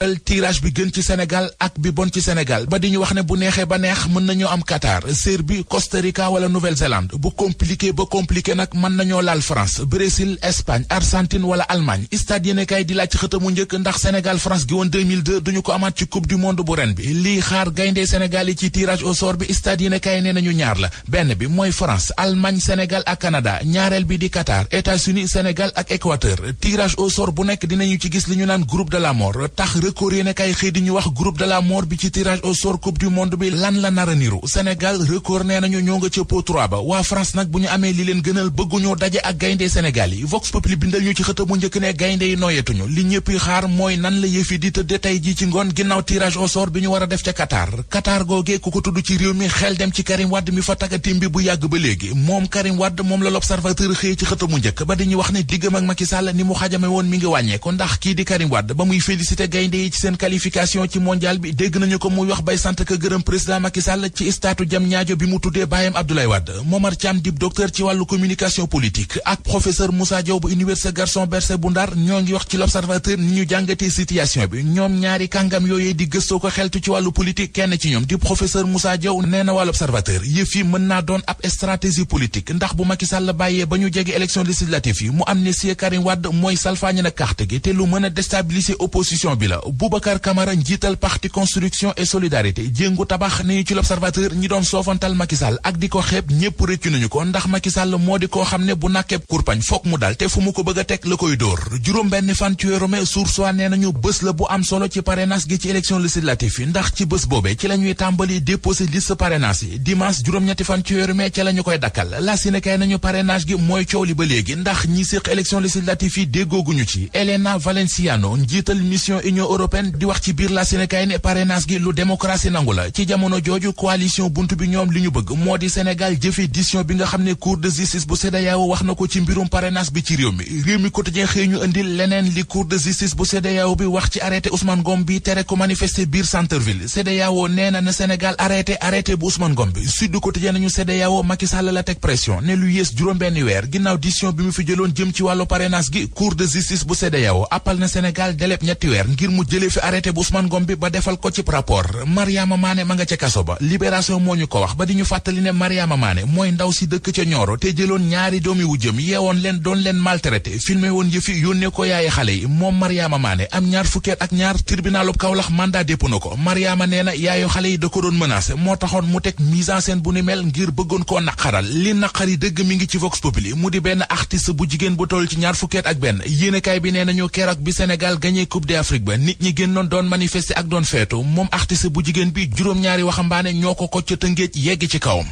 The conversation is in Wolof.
al tirage bi gën ci Sénégal ak bi bon ci Sénégal ba di ñu wax ne bu neexee ba neex mën nañu am Qatar Serbie Costa Rica wala Nouvelle-Zélande bu compliqué ba compliqué nag mën nañoo laal France Brésil Espagne Argentine wala Allemagne stade yéenekaay di laaj ci mu njëkk ndax Sénégal France gi woon 2002 duñu ko amaat ci coupe du monde bu ren bi lii xaar gayndee Sénégal yi ci tirage au sort bi stade yéenekaay nee nañu ñaar la benn bi mooy France Allemagne Sénégal ak Canada ñaareel bi di Qatar États-Unis Sénégal ak Équateur tirage au sort bu nekk dinañu ci gis li ñu naan groupe de la mort tax record yéen xëy di ñu wax groupe de la mort bi ci tirage au sort coupe du monde bi lan la nar niru Sénégal record nee nañu ñoo nga ca pot ba waa France nag bu ñu amee li leen gënal bëgguñu daje ak gaynde Sénégal yi Vox Populi bindal ñu ci xëta mu njëkk ne gaynde yi nooyetuñu li ñëpp xaar mooy nan la yëfi di tëdd tey ji ci ngoon ginnaaw tirage au sort bi ñu war a def ca Qatar Qatar googee ko tudd ci réew mi xel dem ci Karim Wade mi fa tagatim bu yàgg ba léegi moom Karim moom la l'observateur xëy mu njëkk ba dañuy wax ne diggam ak Macky ni mu xajame woon mi ngi wàññeeko ndax kii di Karim Wade ba muy félicité yi ci seen qualification ci mondial bi dégg nañu ko muy wax bay sant ka gërëm président Macky Sall ci statu jam ñaajo bi mu tuddee baayam Abdoulaye Wade Momar Thiam dib docteur ci wàllu communication politique ak professeur Moussa Diaw bu université Gaston Berger bu Ndar ñoo ngi wax ci l'observateur ni ñu jàngatee situation bi ñoom ñaari kàngam yooyee di gëstoo ko xeltu ci wàllu politique kenn ci ñoom di professeur Moussa Diaw nee na wàllu observateur yëf yi mën naa doon ab stratégie politique ndax bu Macky Sall bàyyee ba ñu jege élection législative yi mu gi te lu mën a Boubacar Camara njiital parti construction et solidarité jéngu tabax nañu ci l'observateur ñi doon soofantal Macky ak di ko xeeb ñépp rëccu ko ndax Macky moo di koo xam ne bu nàkkeeb kurpañ foog mu dal te fu mu ko bëgg a teg la koy dóor juróom benn fan ci weeru mai nañu bés la bu am solo ci parrainage gi ci élection législative yi ndax ci bés boobee ci la tàmbali déposé liste parrainage yi dimanche juróom-ñetti fan ci weeru koy dakkal européenne di wax ci biir la Sénégal ne parrainage gi lu démocratie nangu la ci jamono jooju coalition bunt bi ñoom li ñu bëgg moo di Sénégal jëfee décision bi nga xam ne cour de justice bu CEDEAO wax na ko ci mbirum parrainage bi ci réew mi réew mi quotidien xëy ñu indil leneen li cour de justice bu CEDEAO bi wax ci arrêté Ousmane Ngom bi tere ko manifester biir centre-ville nee na na Sénégal arrêté arrêté bu Ousmane Ngom bi Sud Quotidien nañu CEDEAO Macky Sall jëlee fi arrêté bu Ousmane Ngom bi ba defal ko ci rapport Mariama maane ma nga ca kaso ba libération moo ñu ko wax ba di ñu fàttali ne Mariama Mané mooy ndaw si dëkk ca ñooro te jëloon ñaari doomi wu jëm yeewoon leen doon leen maltraité filmé woon yëfi yónnee ko yaay xale yi moom Mariama Mané am ñaar fukkeet ak ñaar tribunalub Kaolack mandat dépp na ko Mariama nee na yaayu xale yi da ko doon menacé moo taxoon mu teg mise en scène bu ni mel ngir bëggoon koo naqaral li naqari dëgg mi ngi ci Vox Populi mu di benn artiste bu jigéen bu toll ci ñaar fukkeet ak benn yéenekaay bi nee nañu keroog bi Sénégal gagné Coupe d'Afrique ba nit ñi génnoon doon manifester ak doon feetu moom artiste bu jigéen bi juróom-ñaari waxambaane ñoo ko ko ca Tëngéej yegg ci kawam